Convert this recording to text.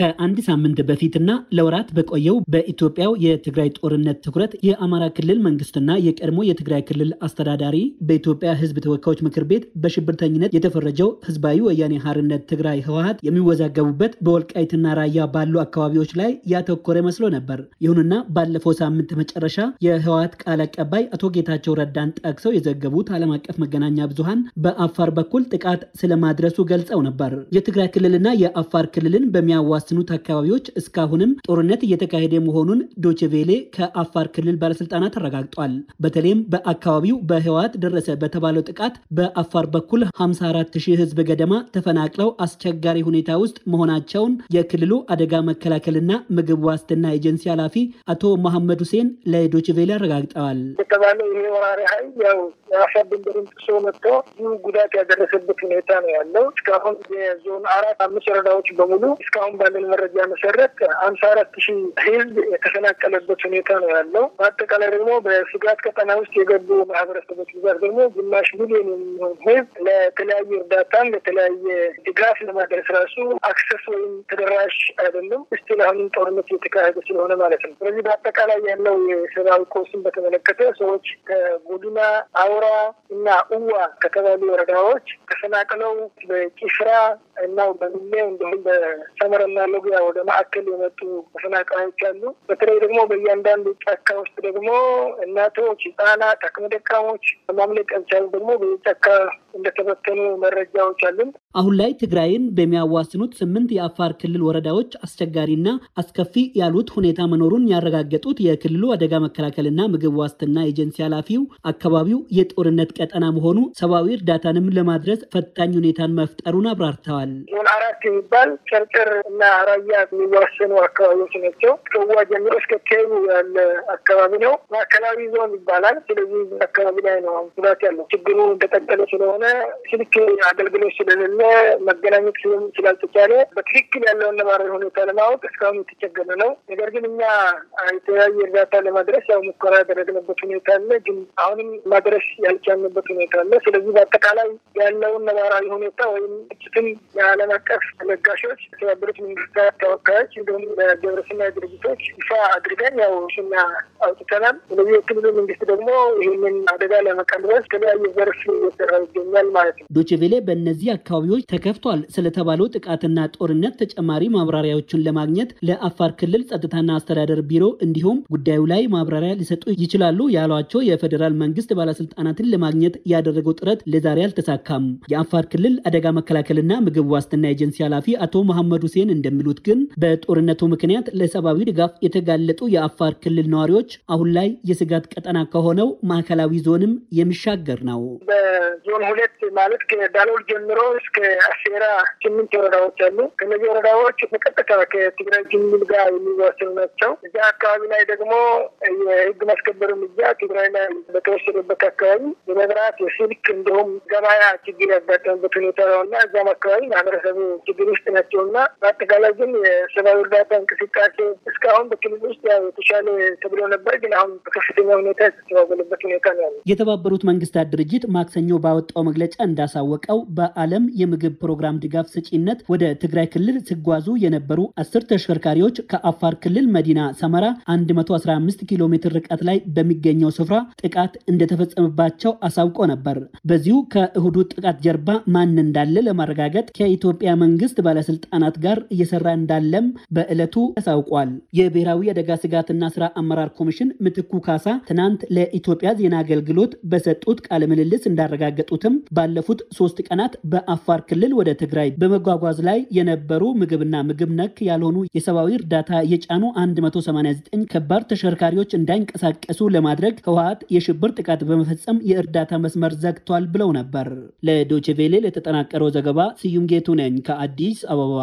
ከአንድ ሳምንት በፊትና ለወራት በቆየው በኢትዮጵያው የትግራይ ጦርነት ትኩረት የአማራ ክልል መንግስትና የቀድሞ የትግራይ ክልል አስተዳዳሪ በኢትዮጵያ ሕዝብ ተወካዮች ምክር ቤት በሽብርተኝነት የተፈረጀው ህዝባዊ ወያኔ ሀርነት ትግራይ ህወሀት የሚወዛገቡበት በወልቃይትና ራያ ባሉ አካባቢዎች ላይ ያተኮረ መስሎ ነበር። ይሁንና ባለፈው ሳምንት መጨረሻ የህወሀት ቃል አቀባይ አቶ ጌታቸው ረዳን ጠቅሰው የዘገቡት ዓለም አቀፍ መገናኛ ብዙሃን በአፋር በኩል ጥቃት ስለማድረሱ ገልጸው ነበር። የትግራይ ክልልና የአፋር ክልልን በሚያዋስ በሚያዋስኑት አካባቢዎች እስካሁንም ጦርነት እየተካሄደ መሆኑን ዶችቬሌ ከአፋር ክልል ባለስልጣናት አረጋግጧል። በተለይም በአካባቢው በህወሓት ደረሰ በተባለው ጥቃት በአፋር በኩል 54 ሺህ ህዝብ ገደማ ተፈናቅለው አስቸጋሪ ሁኔታ ውስጥ መሆናቸውን የክልሉ አደጋ መከላከልና ምግብ ዋስትና ኤጀንሲ ኃላፊ አቶ መሐመድ ሁሴን ለዶችቬሌ አረጋግጠዋል። የአፋር ጉዳት ያደረሰበት ሁኔታ ነው ያለው። እስካሁን የዞን አራት አምስት ወረዳዎች በሙሉ እስካሁን ባለ ባገኘን መረጃ መሰረት ሀምሳ አራት ሺህ ህዝብ የተፈናቀለበት ሁኔታ ነው ያለው። በአጠቃላይ ደግሞ በስጋት ቀጠና ውስጥ የገቡ ማህበረሰቦች ብዛት ደግሞ ግማሽ ሚሊዮን የሚሆን ህዝብ ለተለያዩ እርዳታን ለተለያየ ድጋፍ ለማድረስ ራሱ አክሰስ ወይም ተደራሽ አይደለም። ስቲል አሁንም ጦርነት እየተካሄደ ስለሆነ ማለት ነው። ስለዚህ በአጠቃላይ ያለው የሰብአዊ ቀውስን በተመለከተ ሰዎች ከጎዱና አውራ እና እዋ ከተባሉ ወረዳዎች ተፈናቅለው በቂፍራ እናው በሚሊያ እንዲሁም በሰመረና ሎጊያ ወደ ማዕከል የመጡ ተፈናቃዮች አሉ። በተለይ ደግሞ በእያንዳንዱ ጫካ ውስጥ ደግሞ እናቶች፣ ህጻናት፣ አቅመ ደካሞች ማምለጥ ያልቻሉ ደግሞ በጫካ እንደተበተኑ መረጃዎች አሉን። አሁን ላይ ትግራይን በሚያዋስኑት ስምንት የአፋር ክልል ወረዳዎች አስቸጋሪና አስከፊ ያሉት ሁኔታ መኖሩን ያረጋገጡት የክልሉ አደጋ መከላከልና ምግብ ዋስትና ኤጀንሲ ኃላፊው አካባቢው የጦርነት ቀጠና መሆኑ ሰብአዊ እርዳታንም ለማድረስ ፈታኝ ሁኔታን መፍጠሩን አብራርተዋል። ይላል። ዞን አራት የሚባል ጨርጨር እና ራያ የሚዋሰኑ አካባቢዎች ናቸው። ከዋ ጀምሮ እስከ ቴሩ ያለ አካባቢ ነው። ማዕከላዊ ዞን ይባላል። ስለዚህ አካባቢ ላይ ነው ጉዳት ያለው። ችግሩ እንደቀጠለ ስለሆነ ስልክ አገልግሎት ስለሌለ መገናኘት ስላልተቻለ በትክክል ያለውን ነባራዊ ሁኔታ ለማወቅ እስካሁን የተቸገረ ነው። ነገር ግን እኛ የተለያየ እርዳታ ለማድረስ ያው ሙከራ ያደረግንበት ሁኔታ አለ። ግን አሁንም ማድረስ ያልቻልንበት ሁኔታ አለ። ስለዚህ በአጠቃላይ ያለውን ነባራዊ ሁኔታ ወይም ግጭትን የዓለም አቀፍ ለጋሾች፣ የተባበሩት መንግስታት ተወካዮች እንዲሁም ግብረሰናይ ድርጅቶች ይፋ አድርገን ያው ሽና አውጥተናል። ስለዚህ የክልሉ መንግስት ደግሞ ይህንን አደጋ ለመቀልበስ የተለያዩ ዘርፍ እየሰራ ይገኛል ማለት ነው። ዶችቬሌ በእነዚህ አካባቢዎች ተከፍቷል ስለተባለው ጥቃትና ጦርነት ተጨማሪ ማብራሪያዎችን ለማግኘት ለአፋር ክልል ጸጥታና አስተዳደር ቢሮ እንዲሁም ጉዳዩ ላይ ማብራሪያ ሊሰጡ ይችላሉ ያሏቸው የፌዴራል መንግስት ባለስልጣናትን ለማግኘት ያደረገው ጥረት ለዛሬ አልተሳካም። የአፋር ክልል አደጋ መከላከልና ምግብ የምግብ ዋስትና ኤጀንሲ ኃላፊ አቶ መሐመድ ሁሴን እንደሚሉት ግን በጦርነቱ ምክንያት ለሰብአዊ ድጋፍ የተጋለጡ የአፋር ክልል ነዋሪዎች አሁን ላይ የስጋት ቀጠና ከሆነው ማዕከላዊ ዞንም የሚሻገር ነው። በዞን ሁለት ማለት ከዳሎል ጀምሮ እስከ አሴራ ስምንት ወረዳዎች አሉ። ከነዚህ ወረዳዎች በቀጥታ ከትግራይ ክልል ጋር የሚዋሰኑ ናቸው። እዚያ አካባቢ ላይ ደግሞ የህግ ማስከበር እርምጃ ትግራይ ላይ በተወሰደበት አካባቢ የመብራት የስልክ እንዲሁም ገበያ ችግር ያጋጠመበት ሁኔታ ነው እና እዚያም አካባቢ ማህበረሰቡ ችግር ውስጥ ናቸው እና በአጠቃላይ ግን የሰብአዊ እርዳታ እንቅስቃሴ እስካሁን በክልል ውስጥ ያው የተሻለ ተብሎ ነበር፣ ግን አሁን በከፍተኛ ሁኔታ የተስተጓጎለበት ሁኔታ ነው ያለ። የተባበሩት መንግስታት ድርጅት ማክሰኞ ባወጣው መግለጫ እንዳሳወቀው በዓለም የምግብ ፕሮግራም ድጋፍ ሰጪነት ወደ ትግራይ ክልል ሲጓዙ የነበሩ አስር ተሽከርካሪዎች ከአፋር ክልል መዲና ሰመራ 115 ኪሎ ሜትር ርቀት ላይ በሚገኘው ስፍራ ጥቃት እንደተፈጸመባቸው አሳውቆ ነበር። በዚሁ ከእሁዱ ጥቃት ጀርባ ማን እንዳለ ለማረጋገጥ ከኢትዮጵያ መንግስት ባለስልጣናት ጋር እየሰራ እንዳለም በዕለቱ አሳውቋል። የብሔራዊ አደጋ ስጋትና ስራ አመራር ኮሚሽን ምትኩ ካሳ ትናንት ለኢትዮጵያ ዜና አገልግሎት በሰጡት ቃለ ምልልስ እንዳረጋገጡትም ባለፉት ሶስት ቀናት በአፋር ክልል ወደ ትግራይ በመጓጓዝ ላይ የነበሩ ምግብና ምግብ ነክ ያልሆኑ የሰብአዊ እርዳታ የጫኑ 189 ከባድ ተሽከርካሪዎች እንዳይንቀሳቀሱ ለማድረግ ህወሀት የሽብር ጥቃት በመፈጸም የእርዳታ መስመር ዘግቷል ብለው ነበር። ለዶችቬሌ ለተጠናቀረው ዘገባ ስዩም ጌቱ ነኝ ከአዲስ አበባ